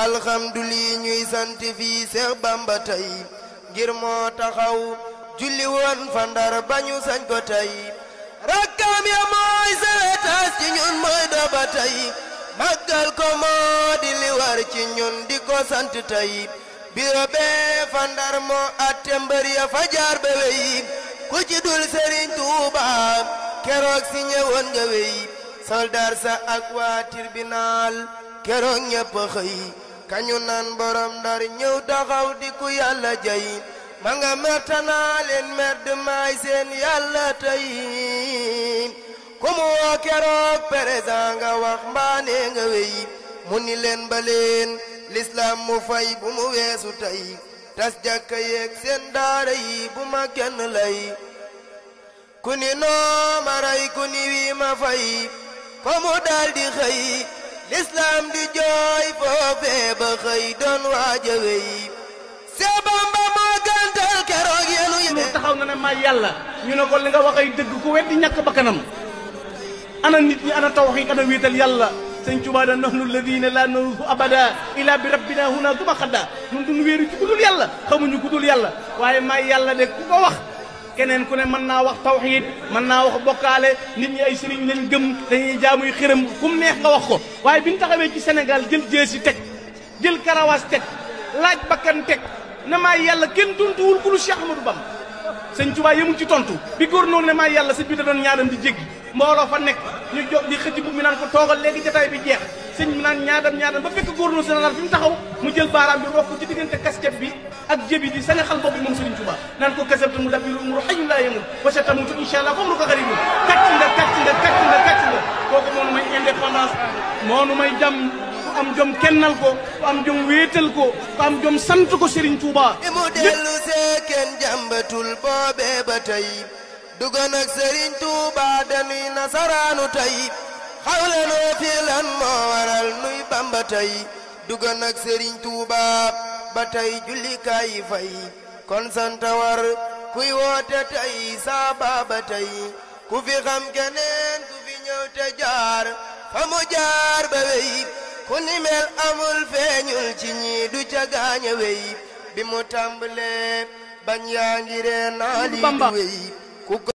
alxamdulii ñuy sant fii Seex Bamba tey ngir moo taxaw julli woon fa Ndar bañu sañ ko tey rakkam ya mooy sawetaas ci ñun mooy daba tey màggal ko moo di war ci ñun di ko sant tey biro bee fa Ndar moo atte mbër ya fa jaar ba wey ku ci dul Sëriñ Tuuba keroog si ñëwoon nga wey soldar sa ak waa tribunal keroog ñëpp xëy kañu naan borom ndar ñëw taxaw di ku yàlla jay ma nga mertanaa leen seen yàlla tey ku mu woo keroog président nga wax mbaane nga wey mu ni leen lislaam mu fay bu mu weesu tey tas jàkka yeeg seen daara yi bu ma kenn lay ku ni noo ku ni wii ma fay ko mu daldi xëy lislaam di jooy jëwey see bamba moo gàntal keroog yenu yee taxaw na ne may yàlla ñu ne ko li nga wax ay dëgg ku weddi ñàkk bakkanam ana nit ñi ana tawxiid ana wéetal yàlla sëñ Tuubaa da nahnu alladina la narusu abada ila bi rabbina huna duma xadda nun duñ wéeru ci gudul yàlla xamuñu gudul yàlla waaye may yàlla de ku ko wax keneen ku ne mën naa wax tawxiid mën naa wax bokkaale nit ñi ay sëriñ lañ gëm dañuy jaamuy xërëm kum neex nga wax ko waaye bi taxawee ci Sénégal jël jeesi teg jël karawaas teg laaj bakkan teg na maa yàlla kenn tontuwul ku lu Cheikh Ahmadou Bamba sëñ Tuubaa yëmul ci tontu bi góor noonu ne maa yàlla si biir da doon ñaanam di jéggi mbooloo fa nekk ñu jox di xëcc bu mi naan ko toogal léegi jataay bi jeex sëñ mi naan ñaadam ñaadam ba fekk góor noonu général fi mu taxaw mu jël baaraam bi rokk ci diggante casquette bi ak jébi di sa nga xal bopp bi moom sëriñ Tuubaa naan ko kasabta mu dab yi lu mu xañu laa yëmul wasa tamutu incha allah comme ru ko xarit kàcc nga kàcc nga kàcc ku am jom kennal ko ku am jom wéetal ko ku am jom sant ko Serigne Touba. mu dellu see kenn jàmbatul boobee ba tey dugoon ak Serigne Touba dañuy nasaraanu tey xawle noo fi moo waral nuy bamba tey dugoon ak Serigne Touba ba tey jullikaay fay kon sant war kuy woote tey saa baaba tey ku fi xam keneen ku fi ñëw te jaar fa mu jaar ba wey ku ni mel amul feeñul ci ñii du ca gaaña wey bi mu tàmbalee bañ yaa ngi ree wey